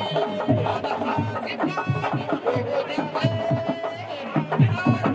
a you.